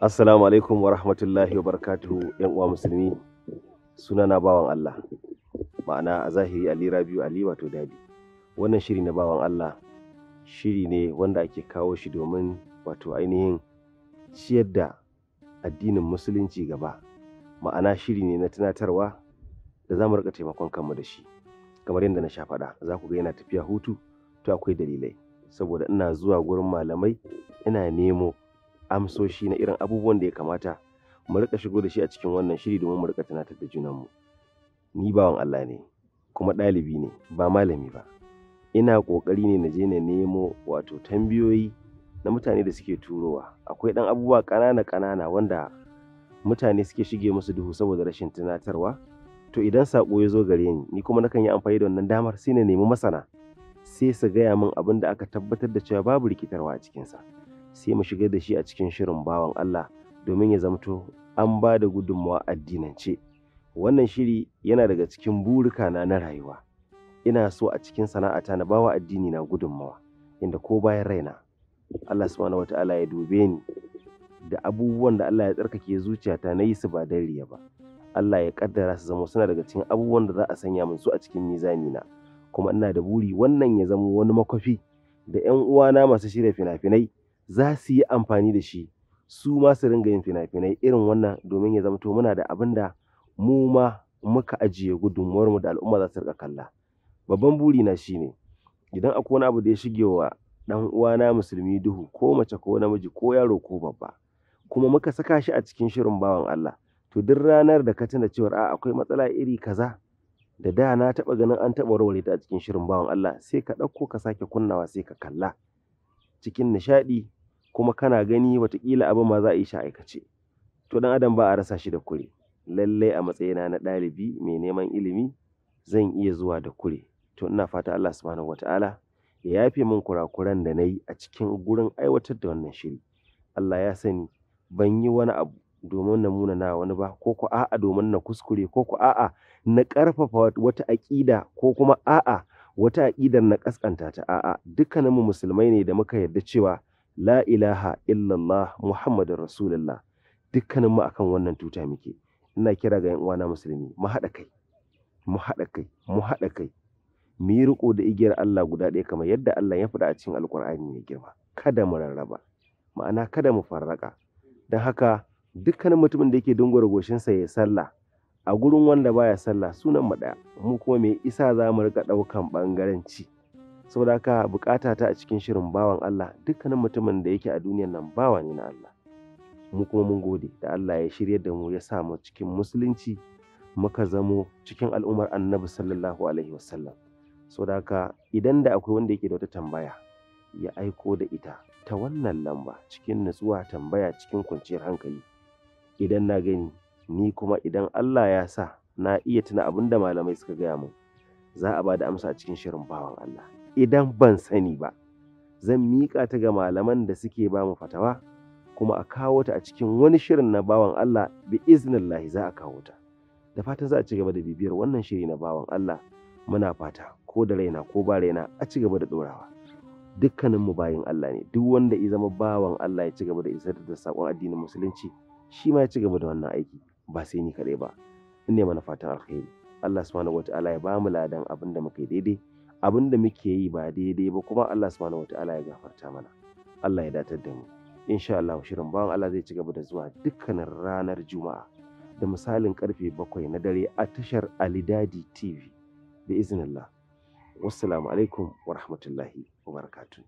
Assalamu alaikum wa rahmatullahi wa barakatuhu ‘yan uwa musulmi suna na bawan Allah ma'ana a zahiri Ali Rabiu Ali wato dadi wannan shiri na bawan Allah shiri ne wanda ake kawo shi domin wato ainihin ciyar da addinin musulunci gaba ma'ana shiri ne na tunatarwa da za mu rika taimakon kanmu da shi kamar yadda na sha faɗa za ku ga yana tafiya hutu to akwai dalilai saboda ina zuwa gurin malamai ina nemo amsoshi na irin abubuwan da ya kamata mu rika shigo da shi a cikin wannan shiri domin mu rika tunatar da junanmu ni bawan Allah ne kuma ɗalibi ne ba malami ba ina ƙoƙari ne na je na nemo wato tambiyoyi na mutane da suke turowa akwai ɗan abubuwa ƙanana ƙanana wanda mutane suke shige musu duhu saboda rashin tunatarwa to idan saƙo ya zo gare ni ni kuma nakan yi amfani da wannan damar sai na nemi masana sai su gaya min abin da aka tabbatar da cewa babu rikitarwa a cikinsa. sai mu shigar da shi a cikin shirin bawan Allah domin ya zamto an ba da gudunmawa addinance wannan shiri yana daga cikin burika na na rayuwa ina so a cikin sana'ata na bawa addini na gudunmawa inda ko bayan raina Allah subhanahu wata'ala ya dube ni da abubuwan da Allah ya tsarkake zuciyata na yi su ba dan riya ba Allah ya kaddara su zama suna daga cikin abubuwan da za a sanya min su a cikin mizani na kuma ina da buri wannan ya zama wani makwafi da 'yan uwana masu shirya fina-finai za su yi amfani da shi su ma su ringa yin fina-finai irin wannan domin ya to muna da abin da mu ma muka ajiye mu da al'umma za su rika kalla babban buri na shi ne, idan akwai wani abu da ya shige wa dan uwana musulmi duhu ko mace ko namiji ko yaro ko babba kuma muka saka shi a cikin shirin bawan Allah to duk ranar da ka tuna cewa a akwai matsala iri kaza da da na taba ganin an taba warware ta a cikin shirin bawan Allah sai ka ɗauko ka sake kunnawa sai ka kalla cikin nishaɗi kuma kana gani watakila abin ma za a yi shi aikace to dan adam ba a rasa shi da kure lallai a matsayina na ɗalibi mai neman ilimi zan iya zuwa da kure to ina fata Allah subhanahu wataala ya yafe min kurakuran da nayi a cikin gurin aiwatar da wannan shiri Allah ya sani ban yi wani abu domin na muna na wani ba ko ku a'a domin na kuskure ko ku a'a na ƙarfafa wata aƙida ko kuma a'a wata aƙidar na kaskanta ta a'a dukkaninmu musulmai ne da muka yarda cewa la ilaha illallah muhammadun rasulullah dukkaninmu akan wannan tuta muke ina kira ga 'yan uwana musulmi mu haɗa kai mu haɗa kai mu haɗa kai mu yi riko da igiyar Allah guda ɗaya kamar yadda Allah ya faɗa a cikin alkur'ani mai girma kada mu rarraba ma'ana kada mu farraka don haka dukkanin mutumin da yake dungwar goshinsa ya sallah a gurin wanda baya sallah sunan mu daya mu kuma me isa za mu rika ɗaukan ɓangaranci saboda haka bukata ta a cikin shirin bawan Allah dukkanin mutumin da yake a duniyar nan bawa ne na Allah mu kuma mun gode da Allah ya shirya da mu ya sa mu cikin musulunci muka zamo cikin al'ummar annabi sallallahu alaihi wasallam saboda haka idan da akwai wanda yake da wata tambaya ya aiko da ita ta wannan lamba cikin nutsuwa tambaya cikin kwanciyar hankali idan na gani ni kuma idan Allah ya sa na iya tuna abin da malamai suka gaya min za a ba da amsa a cikin shirin bawan Allah idan ban sani ba zan miƙa ta ga malaman da suke ba mu fatawa kuma a kawo ta a cikin wani shirin na bawan Allah bi iznillahi za a kawo ta da fatan za a ci gaba da bibiyar wannan shiri na bawan Allah muna fata ko da raina ko ba raina a ci gaba da dorawa dukkanin mu bayin Allah ne duk wanda ya zama bawan Allah ya ci gaba da isar da sakon addinin musulunci shi ma ya ci gaba da wannan aiki ba sai ni kaɗai ba in ne mana fatan alkhairi Allah subhanahu wata'ala ya bamu ladan abin da muka yi daidai abin da muke yi ba daidai ba kuma Allah subhanahu wata'ala ya gafarta mana Allah ya datar da mu insha Allah shirin bawan Allah zai ci gaba da zuwa dukkanin ranar juma'a da misalin karfe bakwai na dare a tashar Alidadi TV da iznillah wassalamu alaikum wa rahmatullahi wa barakatuh